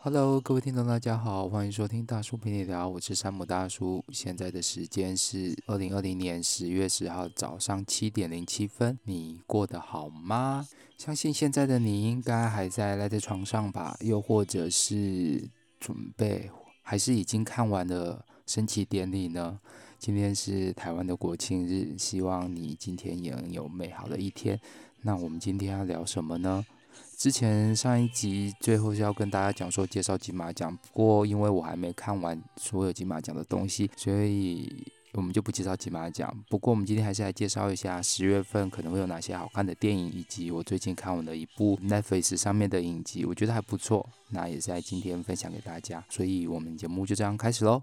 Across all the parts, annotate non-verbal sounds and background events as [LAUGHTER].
Hello，各位聽眾，大家好，歡迎收聽大叔陪你聊，我是山姆大叔。現在的時間是二零二零年十月十號早上七點零七分。你過得好嗎？相信現在的你應該還在賴在床上吧，又或者是準備，還是已經看完了升旗典禮呢？今天是台灣的國慶日，希望你今天也能有美好的一天。那我們今天要聊什麼呢？之前上一集最後是要跟大家講說介紹金馬獎，不過因為我還沒看完所有金馬獎的東西，所以我們就不介紹金馬獎。不過我們今天還是來介紹一下十月份可能會有哪些好看的電影，以及我最近看完的一部 Netflix 上面的影集，我覺得還不錯，那也是在今天分享給大家。所以我們節目就這樣開始嘍。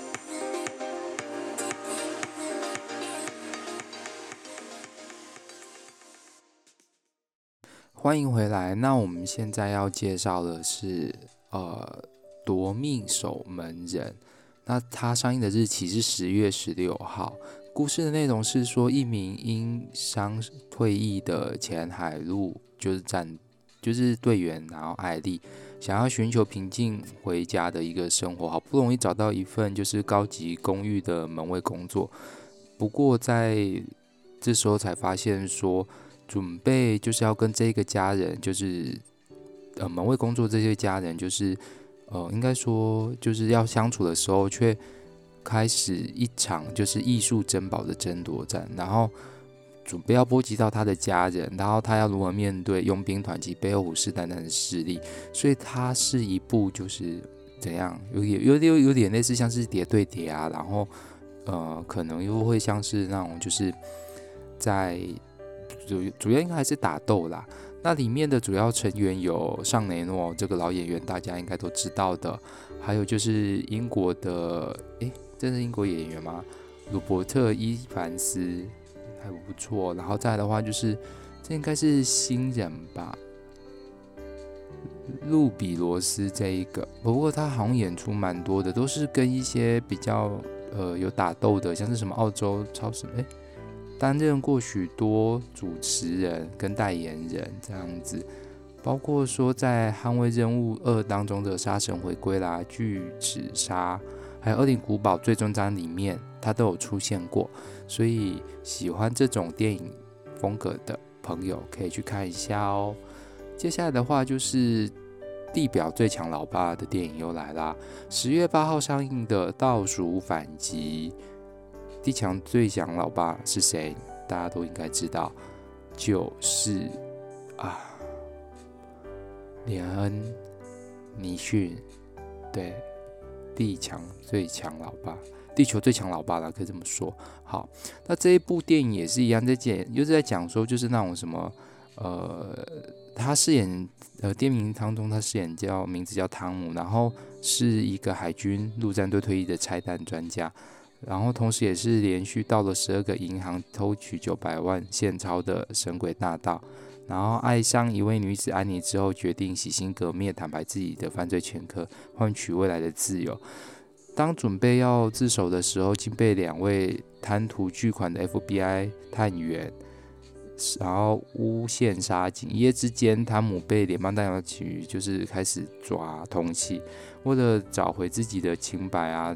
歡迎回來。那我們現在要介紹的是，呃，《奪命守門人》。那它上映的日期是十月十六號。故事的內容是說，一名因傷退役的前海陸，就是戰，就是隊員，然後艾莉想要尋求平靜回家的一個生活。好不容易找到一份就是高級公寓的門衛工作，不過在這時候才發現說。準備就是要跟這個家人，就是呃門衛工作這些家人，就是呃應該說就是要相處的時候，卻開始一場就是藝術珍寶的爭奪戰，然後準備要波及到他的家人，然後他要如何面對傭兵團及背後虎視眈眈的勢力？所以它是一部就是怎樣有點有點有點類似像是諜對諜啊，然後呃可能又會像是那種就是在。主主要應該還是打鬥啦，那裡面的主要成員有尚雷諾這個老演員，大家應該都知道的，還有就是英國的，哎、欸，這是英國演員嗎？魯伯特·伊凡斯還不錯，然後再來的話就是，這應該是新人吧，路比·羅斯這一個，不過他好像演出蠻多的，都是跟一些比較呃有打鬥的，像是什麼澳洲超什麼。哎、欸。擔任過許多主持人跟代言人，這樣子，包括說在《捍衛任務二》當中的殺神回歸啦，巨齒鯊，還有《惡靈古堡》最終章裡面，他都有出現過。所以喜歡這種電影風格的朋友可以去看一下哦。接下來的話就是《地表最強老爸》的電影又來啦，十月八號上映的《倒數反擊》。地球最強老爸是誰？大家都應該知道，就是啊，連恩·尼遜。對，地球最強老爸，地球最強老爸啦，可以這麼說。好，那這一部電影也是一樣，在講，又是在講說，就是那種什麼，呃，他飾演呃電影當中他飾演叫名字叫湯姆，然後是一個海軍陸戰隊退役的拆彈專家。然後，同時也是連續盜了十二個銀行偷取九百萬現鈔的神鬼大盜，然後愛上一位女子安妮之後，決定洗心革面，坦白自己的犯罪前科，換取未來的自由。當準備要自首的時候，竟被兩位貪圖鉅款的 FBI 探員，然後誣陷殺警。一夜之間，湯姆被聯邦調查局就是開始抓通緝，為了找回自己的清白啊。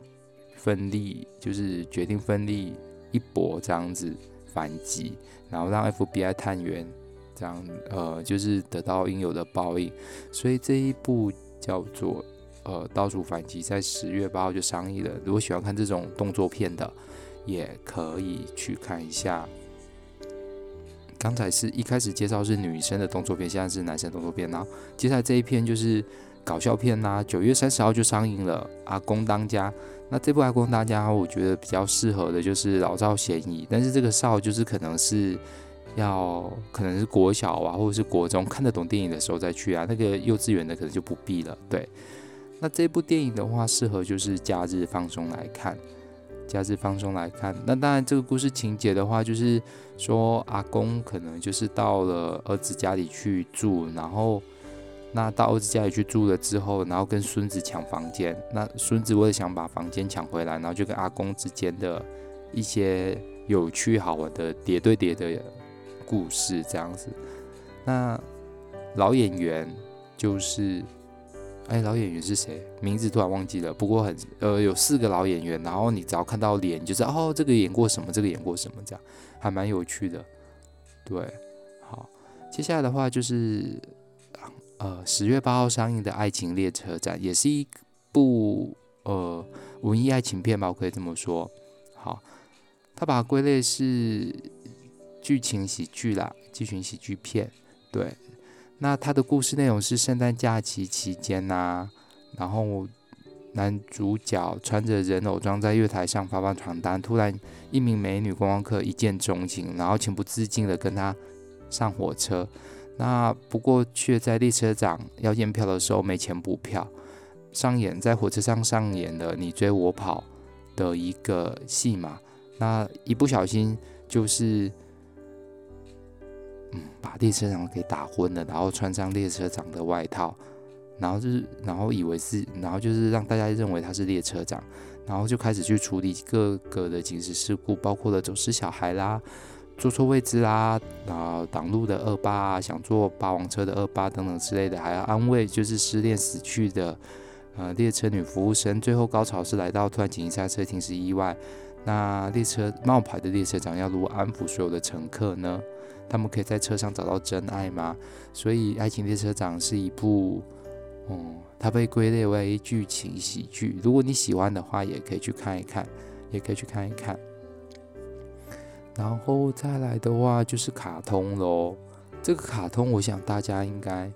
奮力就是決定奮力一搏，這樣子反擊，然後讓 FBI 探員這樣呃，就是得到應有的報應。所以這一部叫做呃《倒數反擊》，在十月八號就上映了。如果喜歡看這種動作片的，也可以去看一下。剛才是一開始介紹是女生的動作片，現在是男生動作片，然後接下來這一片就是。搞笑片吶、啊，九月三十號就上映了《阿公當家》。那這部《阿公當家》，我覺得比較適合的就是老少咸宜，但是這個少就是可能是要可能是國小啊，或者是國中看得懂電影的時候再去啊，那個幼稚園的可能就不必了。對，那這部電影的話，適合就是假日放鬆來看，假日放鬆來看。那當然這個故事情節的話，就是說阿公可能就是到了兒子家裡去住，然後。那到兒子家裡去住了之後，然後跟孫子搶房間，那孫子為了想把房間搶回來，然後就跟阿公之間的一些有趣好玩的諜對諜的故事這樣子。那老演員就是，哎、欸，老演員是誰？名字突然忘記了。不過很，呃，有四個老演員，然後你只要看到臉，就是哦，這個演過什麼，這個演過什麼，這樣還蠻有趣的。對，好，接下來的話就是。呃，十月八號上映的《愛情列車展》展也是一部呃文藝愛情片吧，我可以這麼說。好，它把它歸類是劇情喜劇啦，劇情喜劇片。對，那它的故事內容是聖誕假期期間吶、啊，然後男主角穿着人偶裝在月台上發放傳單，突然一名美女觀光客一見鍾情，然後情不自禁地跟他上火車。那不過卻在列車長要驗票的時候沒錢補票，上演在火車上上演的你追我跑的一個戲碼。那一不小心就是，嗯，把列車長給打昏了，然後穿上列車長的外套，然後就是然後以為是，然後就是讓大家認為他是列車長，然後就開始去處理各個的緊急事故，包括了走失小孩啦。坐錯位置啦、啊，然、啊、後擋路的惡霸啊，想坐霸王車的惡霸等等之類的，還要安慰就是失戀死去的呃列車女服務生。最後高潮是來到突然停下車，停是意外。那列車冒牌的列車長要如何安撫所有的乘客呢？他們可以在車上找到真愛嗎？所以《愛情列車長》是一部，哦、嗯，它被歸類為劇情喜劇。如果你喜歡的話，也可以去看一看，也可以去看一看。然後再來的話就是卡通咯，這個卡通我想大家應該，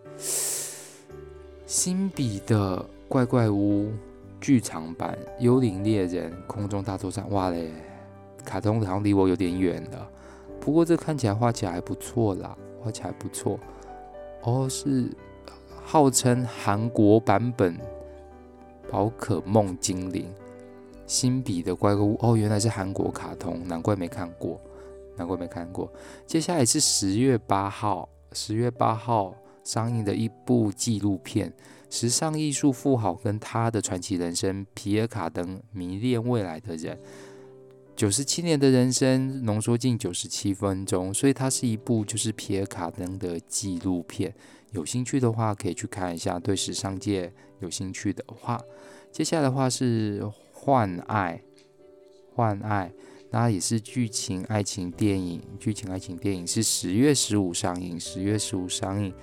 新筆的怪怪屋劇場版、幽靈獵人、空中大作戰，哇嘞！卡通好像離我有點遠了，不過這看起來畫起來還不錯啦，畫起來不錯。哦，是號稱韓國版本寶可夢精靈，新筆的怪怪屋，哦，原來是韓國卡通，難怪沒看過。看過沒看過。接下來是十月八號，十月八號上映的一部紀錄片《時尚藝術富豪跟他的傳奇人生》——皮爾·卡登，迷戀未來的人。九十七年的人生濃縮進九十七分鐘，所以它是一部就是皮爾·卡登的紀錄片。有興趣的話，可以去看一下。對時尚界有興趣的話，接下來的話是幻《幻愛》，《幻愛》。那也是劇情愛情電影，劇情愛情電影是十月十五上映，十月十五上映。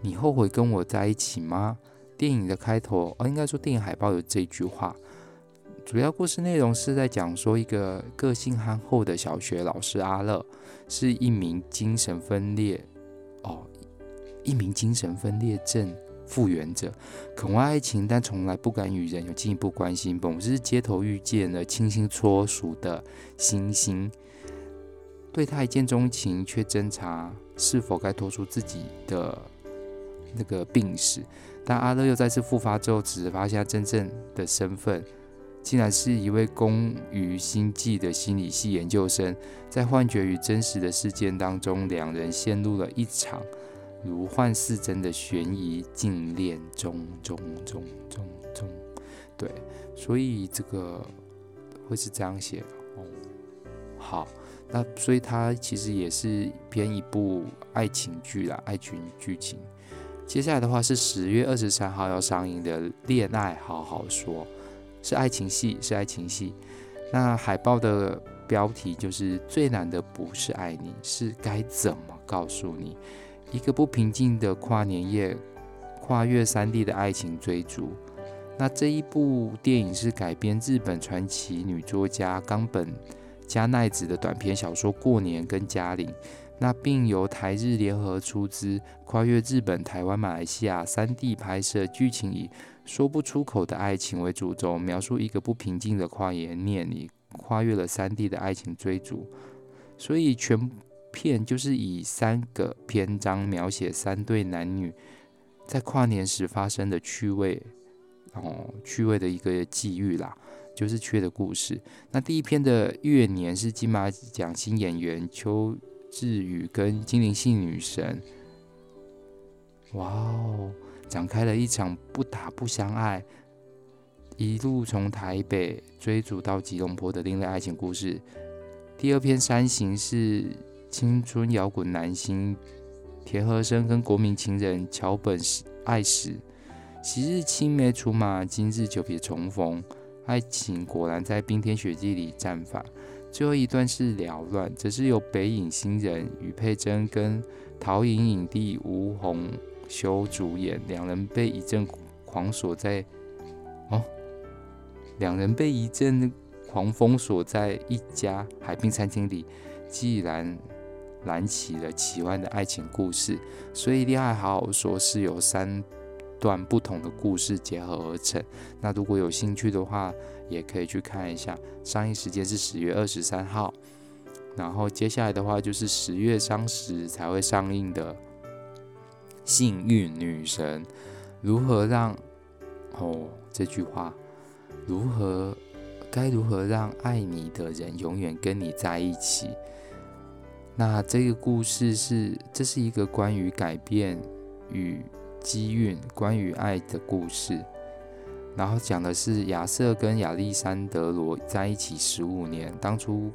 你後悔跟我在一起嗎？電影的開頭，哦，應該說電影海報有這句話。主要故事內容是在講說一個個性憨厚的小學老師阿樂，是一名精神分裂，哦，一名精神分裂症。復原者渴望愛情，但從來不敢與人有進一步關心。本是街頭遇見了清新脫俗的星星，對他一見鍾情，卻掙扎是否該托出自己的那個病史。但阿樂又再次復發之後，只是發現他真正的身份竟然是一位工於心計的心理系研究生。在幻覺與真實的事件當中，兩人陷入了一場。如幻似真的懸疑禁戀中，中，中，中，中，對，所以這個會是這樣寫的哦。好，那所以它其實也是偏一部愛情劇啦。愛情劇情。接下來的話是十月二十三號要上映的《戀愛好好說》，是愛情戲，是愛情戲。那海報的標題就是最難的不是愛你，是該怎麼告訴你。一個不平靜的跨年夜，跨越三地的愛情追逐。那這一部電影是改編日本傳奇女作家岡本加奈子的短篇小說《過年跟家裡》，那並由台日聯合出資，跨越日本、台灣、馬來西亞三地拍攝。劇情以說不出口的愛情為主軸，描述一個不平靜的跨年夜裡，跨越了三地的愛情追逐。所以全。片就是以三個篇章描寫三對男女在跨年時發生的趣味，哦，趣味的一個際遇啦，就是趣的故事。那第一篇的月年是金馬獎新演員邱志宇跟精靈系女神，哇哦，展開了一場不打不相愛，一路從台北追逐到吉隆坡的另類愛情故事。第二篇山行是。青春搖滾男星田和生跟國民情人橋本愛史，昔日青梅竹馬，今日久別重逢，愛情果然在冰天雪地裡綻放。最後一段是繚亂，則是由北影新人於佩珍跟陶影影帝吳宏修主演，兩人被一陣狂鎖在，哦，兩人被一陣狂風鎖在一家海濱餐廳裡，既然。燃起了奇幻的愛情故事，所以《戀愛好好說》是由三段不同的故事結合而成。那如果有興趣的話，也可以去看一下。上映時間是十月二十三號，然後接下來的話就是十月三十才會上映的《幸運女神》，如何讓，哦，這句話，如何該如何讓愛你的人永遠跟你在一起？那這個故事是，這是一個關於改變與機運、關於愛的故事。然後講的是亞瑟跟亞歷山德羅在一起十五年，當初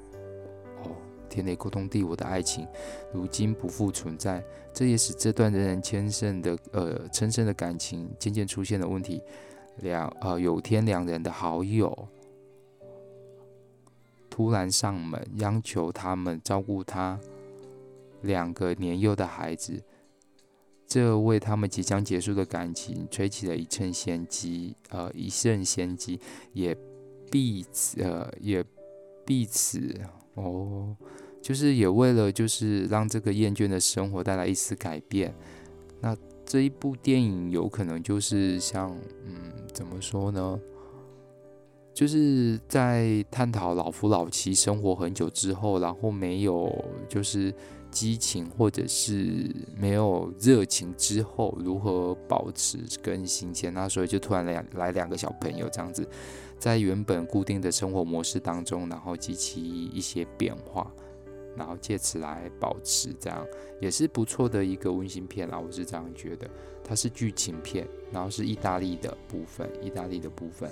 哦，天雷勾動地火的愛情，如今不復存在。這也使這段人人堅盛的呃深深的感情漸漸出現了問題。兩呃有天，兩人的好友突然上門央求他們照顧他。兩個年幼的孩子，這為他們即將結束的感情吹起了一陣先機，呃，一陣先機也，彼此、呃、也彼此，呃也彼此哦，就是也為了就是讓這個厭倦的生活帶來一絲改變。那這一部電影有可能就是像嗯，怎麼說呢？就是在探討老夫老妻生活很久之後，然後沒有就是激情或者是沒有熱情之後，如何保持更新鮮，那所以就突然來來兩個小朋友這樣子，在原本固定的生活模式當中，然後激起一些變化，然後借此來保持這樣，也是不錯的一個溫馨片啦。我是這樣覺得，它是劇情片，然後是意大利的部分，意大利的部分。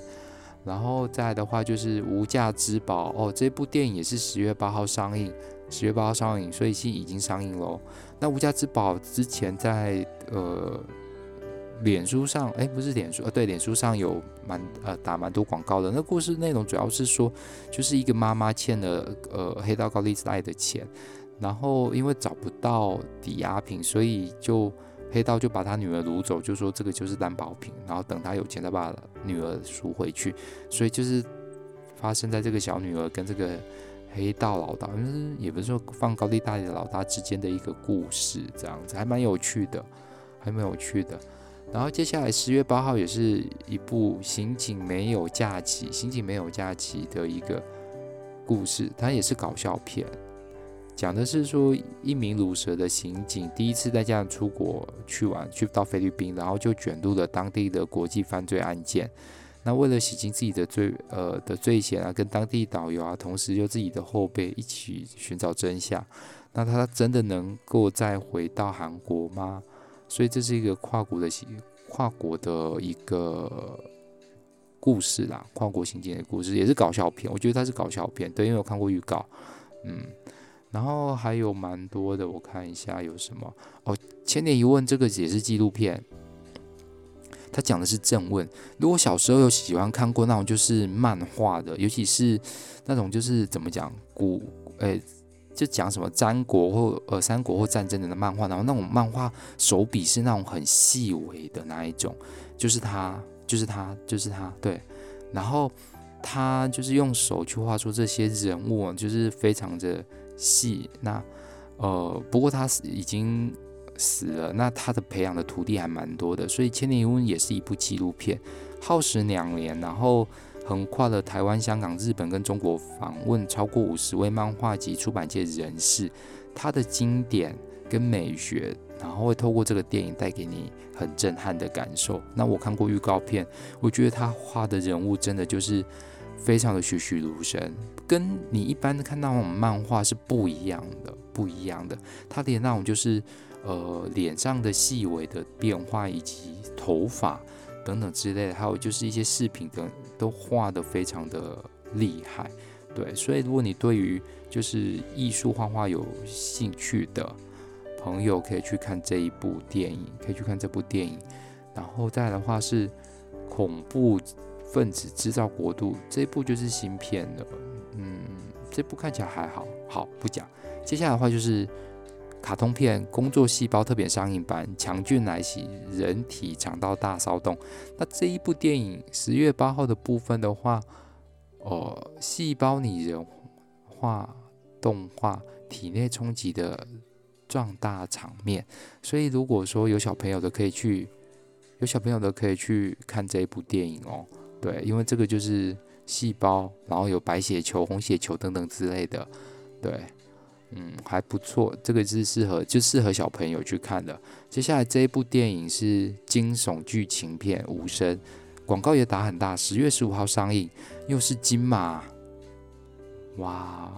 然後再的話就是《無價之寶》哦，這部電影也是十月八號上映，十月八號上映，所以現在已經上映了。那《無價之寶》之前在呃臉書上，哎，不是臉書，呃，對，臉書上有蠻呃打蠻多廣告的。那故事內容主要是說，就是一個媽媽欠了呃黑道高利貸的錢，然後因為找不到抵押品，所以就。黑道就把他女兒擄走，就說這個就是擔保品，然後等他有錢再把女兒贖回去。所以就是發生在這個小女兒跟這個黑道老大，也不是說放高利貸的老大之間的一個故事，這樣子還蠻有趣的，還蠻有趣的。然後接下來十月八號也是一部刑警沒有假期《刑警沒有假期》，《刑警沒有假期》的一個故事，它也是搞笑片。講的是說，一名魯蛇的刑警第一次帶家人出國去玩，去到菲律賓，然後就捲入了當地的國際犯罪案件。那為了洗清自己的罪呃的罪嫌啊，跟當地導遊啊，同時又自己的後輩一起尋找真相。那他真的能夠再回到韓國嗎？所以這是一個跨國的跨國的一個故事啦，跨國刑警的故事也是搞笑片。我覺得它是搞笑片，對，因為我看過預告，嗯。然後還有蠻多的，我看一下有什麼哦。千年一問這個也是紀錄片，他講的是鄭問。如果小時候有喜歡看過那種就是漫畫的，尤其是那種就是怎麼講古，哎，就講什麼三國或呃三國或戰爭的漫畫，然後那種漫畫手筆是那種很細微的那一種，就是他，就是他，就是他，對，然後他就是用手去畫出這些人物，就是非常的。是那，呃，不過他死已經死了。那他的培養的徒弟還蠻多的，所以《千年一問》也是一部紀錄片，耗時兩年，然後橫跨了台灣、香港、日本跟中國，訪問超過五十位漫畫及出版界人士。他的經典跟美學，然後會透過這個電影帶給你很震撼的感受。那我看過預告片，我覺得他畫的人物真的就是。非常的栩栩如生，跟你一般的看到那種漫畫是不一樣的，不一樣的。它的那種就是，呃，臉上的細微的變化，以及頭髮等等之類的，還有就是一些飾品等，都畫得非常的厲害。對，所以如果你對於就是藝術畫畫有興趣的朋友，可以去看這一部電影，可以去看這部電影。然後再來的話是恐怖。分子製造國度這一部就是芯片的。嗯，這部看起來還好，好不講。接下來的話就是卡通片《工作細胞》特別上映版《強菌來襲》，人體腸道大騷動。那這一部電影十月八號的部分的話，呃，細胞擬人化動畫，體內衝擊的壯大場面。所以如果說有小朋友的，可以去有小朋友的可以去看這一部電影哦。對，因為這個就是細胞，然後有白血球、紅血球等等之類的。對，嗯，還不錯，這個是適合就適合小朋友去看的。接下來這一部電影是驚悚劇情片《無聲》，廣告也打很大，十月十五號上映，又是金馬。哇，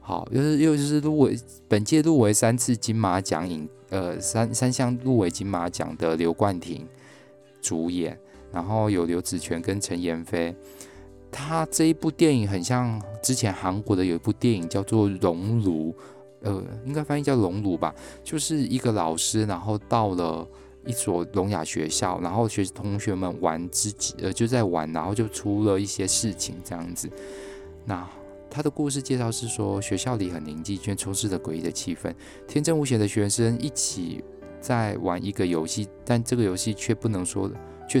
好，又是又是入圍本屆入圍三次金馬獎影，呃，三三項入圍金馬獎的劉冠廷主演。然後有劉子銓跟陳妍霏，他這一部電影很像之前韓國的有一部電影叫做《熔爐》，呃，應該翻譯叫《熔爐》吧，就是一個老師，然後到了一所聾啞學校，然後學同學們玩自己，呃，就在玩，然後就出了一些事情這樣子。那他的故事介紹是說，學校裡很寧靜，卻充斥着詭異的氣氛。天真無邪的學生一起在玩一個遊戲，但這個遊戲卻不能說。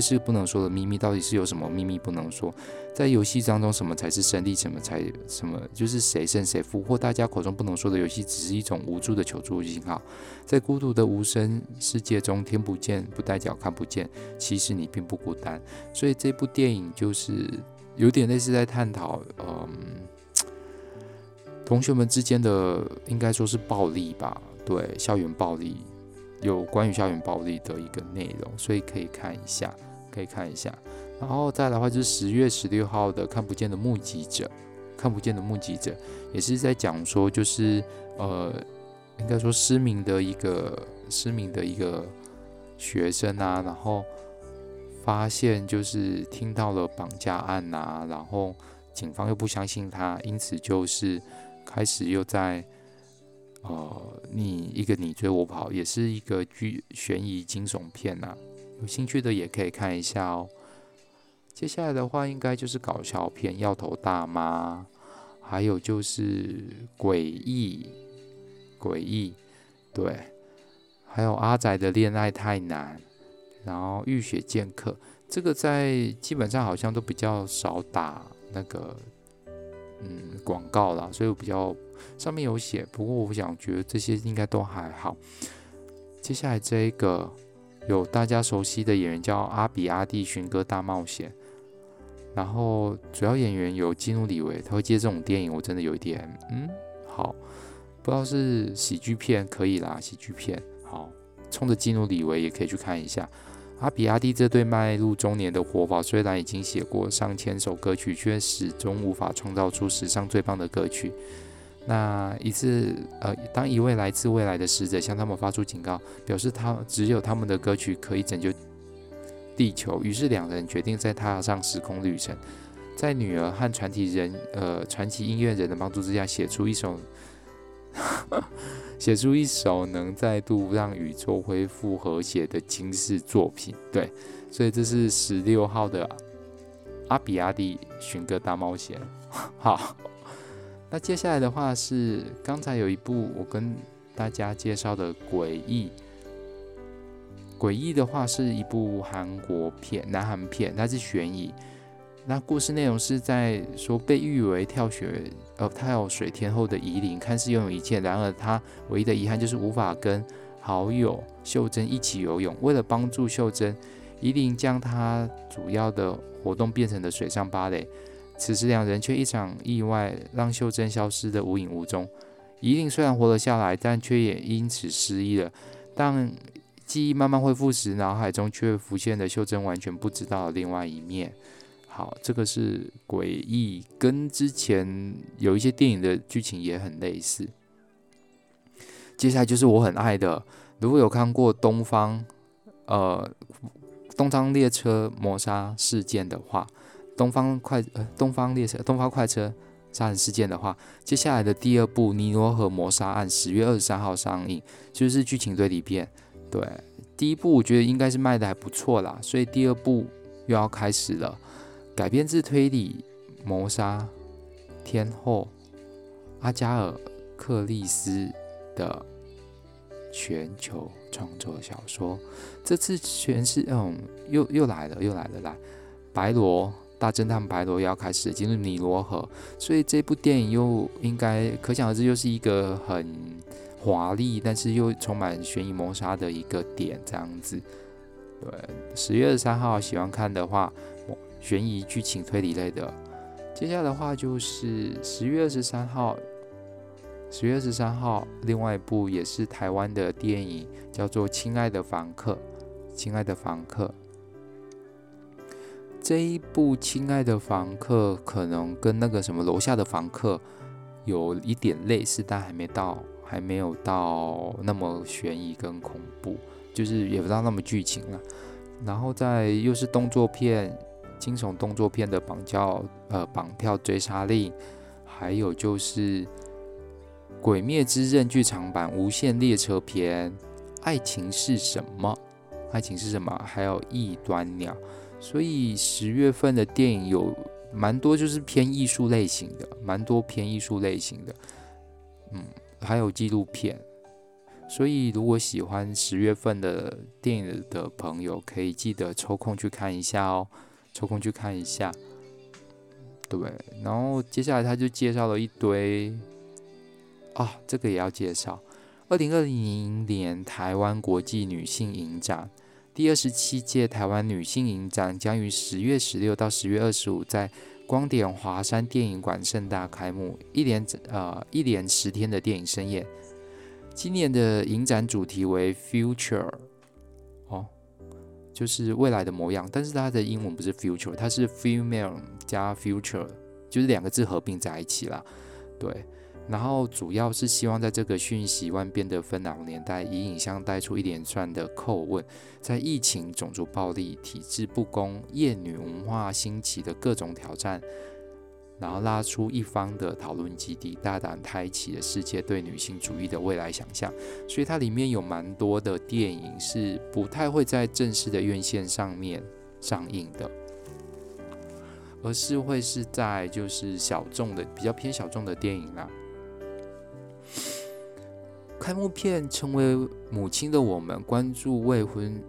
卻是不能說的秘密到底是有什麼秘密不能說？在遊戲當中，什麼才是勝利？什麼才什麼？就是誰勝誰負？或大家口中不能說的遊戲，只是一種無助的求助信號。在孤獨的無聲世界中，聽不見不代表看不見，其實你並不孤單。所以這部電影就是有點類似在探討，嗯，同學們之間的應該說是暴力吧？對，校園暴力有關於校園暴力的一個內容，所以可以看一下。可以看一下，然後再的話就是十月十六號的《看不見的目擊者》，看不見的目擊者也是在講說，就是呃，應該說失明的一個失明的一個學生啊，然後發現就是聽到了綁架案啊，然後警方又不相信他，因此就是開始又在呃你一個你追我跑，也是一個劇懸疑驚悚片吶、啊。有興趣的也可以看一下哦。接下來的話，應該就是搞笑片《藥頭大媽》，還有就是詭異詭異，對，還有阿宅的戀愛太難，然後《浴血劍客》這個在基本上好像都比較少打那個嗯廣告了，所以我比較上面有寫。不過我想覺得這些應該都還好。接下來這一個。有大家熟悉的演員叫阿比阿弟，尋歌大冒險。然後主要演員有基努·李維，他會接這種電影，我真的有一點嗯好，不知道是喜劇片可以啦，喜劇片好，衝着基努·李維也可以去看一下。阿比阿弟這對邁入中年的活寶，雖然已經寫過上千首歌曲，卻始終無法創造出史上最棒的歌曲。那一次，呃，當一位來自未來的使者向他們發出警告，表示他只有他們的歌曲可以拯救地球，於是兩人決定再踏上時空旅程，在女兒和傳奇人，呃，傳奇音樂人的幫助之下，寫出一首， [LAUGHS] 寫出一首能再度讓宇宙恢復和諧的驚世作品。對，所以這是十六號的阿比與蒂尋歌大冒險，好。那接下來的話是剛才有一部我跟大家介紹的詭異，詭異的話是一部韓國片，南韓片，它是懸疑。那故事內容是在說被譽為跳雪呃跳水天後的怡玲，看似擁有一切，然而她唯一的遺憾就是無法跟好友秀珍一起游泳。為了幫助秀珍，怡玲將她主要的活動變成了水上芭蕾。此時，兩人卻一場意外讓秀珍消失得無影無蹤。伊琳雖然活了下來，但卻也因此失憶了。但記憶慢慢恢復時，腦海中卻浮現了秀珍完全不知道的另外一面。好，這個是詭異，跟之前有一些電影的劇情也很類似。接下來就是我很愛的，如果有看過《東方》呃《東方列車謀殺事件》的話。東方快呃，東方列車、東方快車殺人事件的話，接下來的第二部《尼羅河謀殺案》十月二十三號上映，就是劇情推理片，對，第一部我覺得應該是賣的還不錯啦，所以第二部又要開始了。改編自推理謀殺天后阿加爾克里斯的全球創作小說，這次全是那種、嗯、又又來了，又來了，來白羅。大偵探白羅要開始進入尼羅河，所以這部電影又應該可想而知，又是一個很華麗，但是又充滿懸疑謀殺的一個點這樣子。對，十月二十三號，喜歡看的話，懸疑劇情推理類的。接下來的話就是十月二十三號，十月二十三號，另外一部也是台灣的電影，叫做《親愛的房客》，《親愛的房客》。這一部《親愛的房客》可能跟那個什麼樓下的房客有一點類似，但還沒到，還沒有到那麼懸疑跟恐怖，就是也不知道那麼劇情了、啊。然後再又是動作片、驚悚動作片的綁架呃，綁票追殺令，還有就是《鬼滅之刃》劇場版《無限列車篇》。愛情是什麼？愛情是什麼？還有異端鳥。所以十月份的電影有蠻多，就是偏藝術類型的，蠻多偏藝術類型的，嗯，還有紀錄片。所以如果喜歡十月份的電影的朋友，可以記得抽空去看一下哦，抽空去看一下。對，然後接下來他就介紹了一堆，啊、哦，這個也要介紹。二零二零年台灣國際女性影展。第二十七屆台灣女性影展將於十月十六到十月二十五在光點華山電影館盛大開幕，一連呃一連十天的電影盛宴。今年的影展主題為 future，哦，就是未來的模樣。但是它的英文不是 future，它是 female 加 future，就是兩個字合併在一起啦。對。然後主要是希望在這個瞬息萬變的紛擾年代，以影像帶出一連串的叩問，在疫情、種族暴力、體制不公、厭女文化興起的各種挑戰，然後拉出一方的討論基地，大膽開啟了世界對女性主義的未來想象。所以它裡面有蠻多的電影是不太會在正式的院線上面上映的，而是會是在就是小眾的比較偏小眾的電影啦。開幕片成為母親的我們，關注未婚，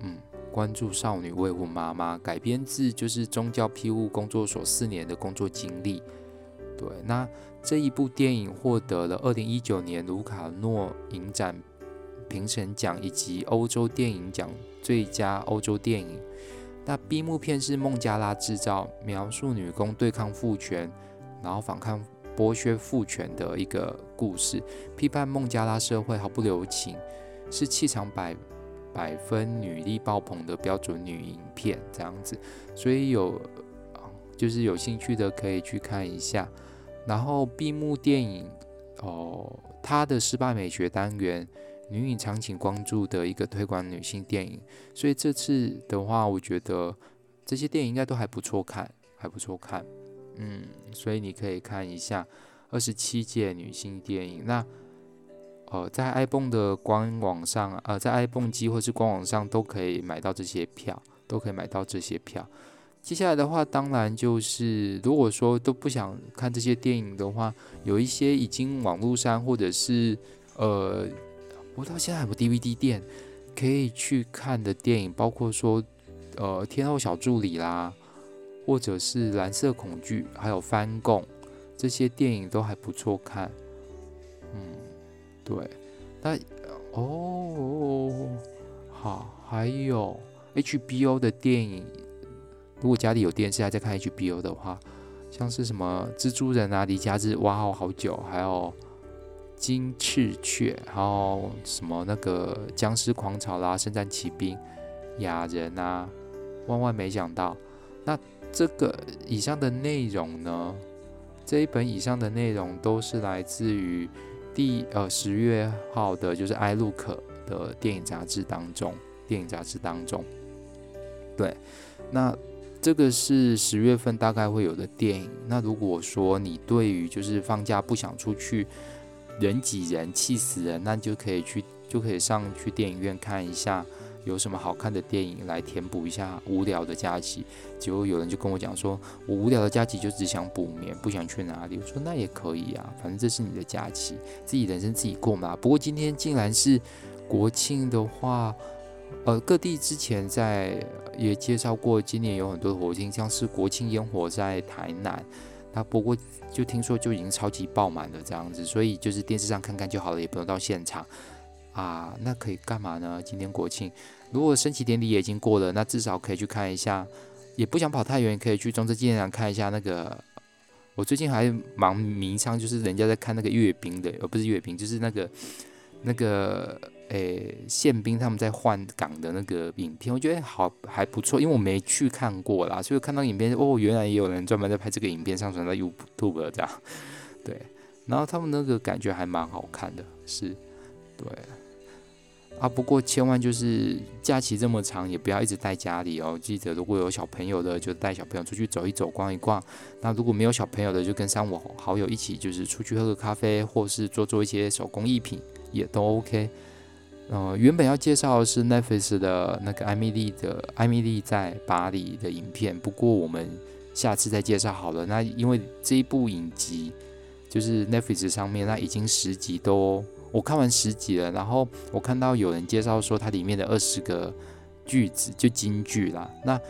嗯，關注少女未婚媽媽，改編自就是宗教庇護工作所四年的工作經歷。對，那這一部電影獲得了二零一九年盧卡諾影展評審獎以及歐洲電影獎最佳歐洲電影。那閉幕片是孟加拉制造，描述女工對抗父權，然後反抗。剝削父權的一個故事，批判孟加拉社會毫不留情，是氣場百百分女力爆棚的標準女影片這樣子，所以有就是有興趣的可以去看一下。然後閉幕電影哦，它、呃、的失敗美學單元，女影長期關注的一個推廣女性電影，所以這次的話，我覺得這些電影應該都還不錯看，還不錯看。嗯，所以你可以看一下二十七屆女性電影。那呃，在 ibon 的官網上，呃，在 ibon 機或是官網上都可以買到這些票，都可以買到這些票。接下來的話，當然就是如果說都不想看這些電影的話，有一些已經網絡上或者是呃，我到現在還有 DVD 店可以去看的電影，包括說呃，《天后小助理》啦。或者是藍色恐懼，還有翻供，這些電影都還不錯看。嗯，對，那哦，哦，好，還有 HBO 的電影，如果家裡有電視還在看 HBO 的話，像是什麼蜘蛛人啊、離家之，哇哦好久，還有金翅雀，還有什麼那個殭屍狂潮啦、啊、聖戰奇兵、亞人啊，萬萬沒想到，那。這個以上的內容呢，這一本以上的內容都是來自於第呃十月號的，就是《iLook》的電影雜誌當中，電影雜誌當中。對，那這個是十月份大概會有的電影。那如果說你對於就是放假不想出去，人擠人氣死人，那就可以去就可以上去電影院看一下。有什麼好看的電影來填補一下無聊的假期？結果有人就跟我講說，我無聊的假期就只想補眠，不想去哪裡。我說那也可以啊，反正這是你的假期，自己人生自己過嘛。不過今天既然是國慶的話，呃，各地之前在也介紹過，今年有很多的國慶，像是國慶煙火在台南，那不過就聽說就已經超級爆滿了這樣子，所以就是電視上看看就好了，也不用到現場。啊，那可以幹嘛呢？今天國慶，如果升旗典禮也已經過了，那至少可以去看一下。也不想跑太遠，可以去中正紀念堂看一下那個。我最近還蠻迷上，就是人家在看那個閱兵的，而、哦、不是閱兵，就是那個那個，誒、欸，憲兵他們在換崗的那個影片。我覺得好還不錯，因為我沒去看過了，所以我看到影片，哦，原來也有人專門在拍這個影片，上傳在 YouTube 這樣。對，然後他們那個感覺還蠻好看的，是，對。啊，不過千萬就是假期這麼長，也不要一直待家裡哦。記得如果有小朋友的，就帶小朋友出去走一走、逛一逛。那如果沒有小朋友的，就跟三五好友一起，就是出去喝個咖啡，或是做做一些手工藝品，也都 OK。呃，原本要介紹的是 Netflix 的那個艾蜜莉的艾蜜莉在巴黎的影片，不過我們下次再介紹好了。那因為這一部影集就是 Netflix 上面，那已經十集都。我看完十集了，然後我看到有人介紹說它裡面的二十個句子就金句啦。那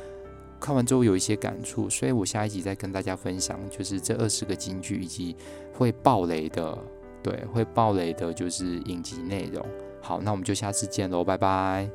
看完之後有一些感觸，所以我下一集再跟大家分享，就是這二十個金句以及會爆雷的，對，會爆雷的就是影集內容。好，那我們就下次見嘍，拜拜。